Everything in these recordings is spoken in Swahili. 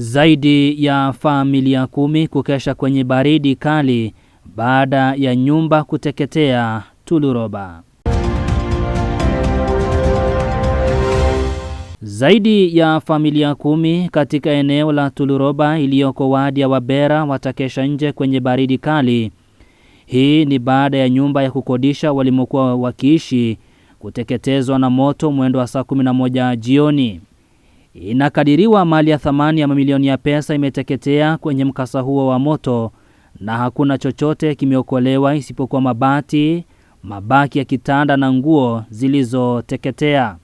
Zaidi ya familia kumi kukesha kwenye baridi kali baada ya nyumba kuteketea Tuluroba. Zaidi ya familia kumi katika eneo la Tuluroba iliyoko wadi ya Wabera watakesha nje kwenye baridi kali. Hii ni baada ya nyumba ya kukodisha walimokuwa wakiishi kuteketezwa na moto mwendo wa saa 11 jioni. Inakadiriwa mali ya thamani ya mamilioni ya pesa imeteketea kwenye mkasa huo wa moto na hakuna chochote kimeokolewa isipokuwa mabati, mabaki ya kitanda na nguo zilizoteketea.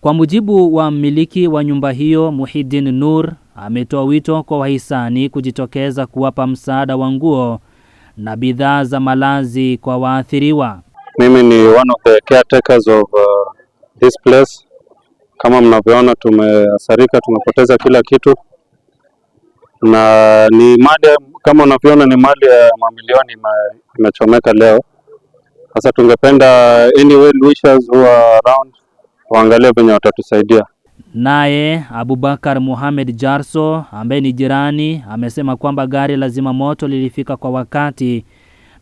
Kwa mujibu wa mmiliki wa nyumba hiyo Muhiddin Nur ametoa wito kwa wahisani kujitokeza kuwapa msaada wa nguo na bidhaa za malazi kwa waathiriwa. Mimi ni one of the caretakers of uh, this place kama mnavyoona tumeathirika, tumepoteza kila kitu, na ni mali kama unavyoona, ni mali ya mamilioni imechomeka leo. Sasa tungependa anyway wishers who are around waangalie venye watatusaidia. Naye Abubakar Muhamed Jarso ambaye ni jirani amesema kwamba gari la zima moto lilifika kwa wakati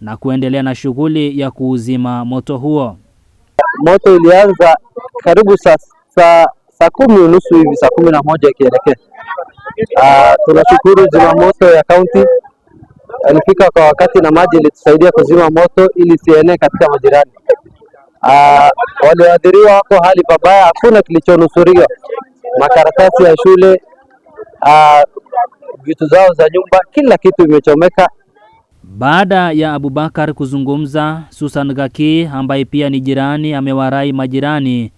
na kuendelea na shughuli ya kuuzima moto huo. Moto ilianza karibu sasa saa saa kumi unusu hivi, saa kumi na moja ikielekea. Ah, tunashukuru zimamoto ya kaunti alifika kwa wakati na maji ilitusaidia kuzima moto ili sienee katika majirani. Ah, walioathiriwa wako hali pabaya, hakuna kilichonusuriwa, makaratasi ya shule, ah, vitu zao za nyumba, kila kitu imechomeka. Baada ya Abubakar kuzungumza, Susan Gaki ambaye pia ni jirani amewarai majirani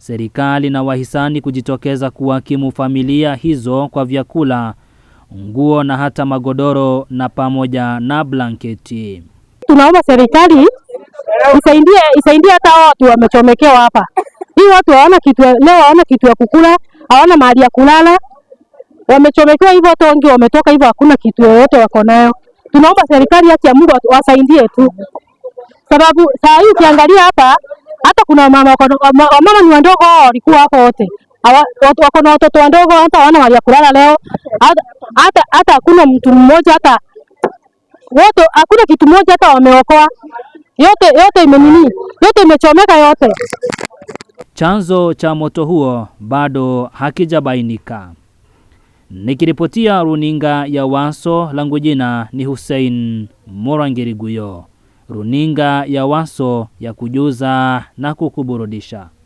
serikali na wahisani kujitokeza kuwakimu familia hizo kwa vyakula, nguo na hata magodoro na pamoja na blanketi. Tunaomba serikali isaidie isaidie hata hao watu wamechomekewa hapa. Hii watu hawana kitu leo, hawana kitu ya kukula, hawana mahali ya kulala, wamechomekewa hivyo. Hata wengi wametoka hivyo, hakuna kitu yoyote wako nayo. Tunaomba serikali, haki ya Mungu, wasaidie tu, sababu saa hii ukiangalia hapa hata kuna wamama wamama ni wadogo walikuwa hapo wote, wako na watoto wadogo, hata wana mahali ya kulala leo. Hata hata hakuna mtu mmoja, hata wote, hakuna kitu moja hata wameokoa. Yote yote imenini, yote imechomeka yote. Chanzo cha moto huo bado hakijabainika. Nikiripotia runinga ya Waso, langu jina ni Hussein Morangiriguyo runinga ya Waso ya kujuza na kukuburudisha.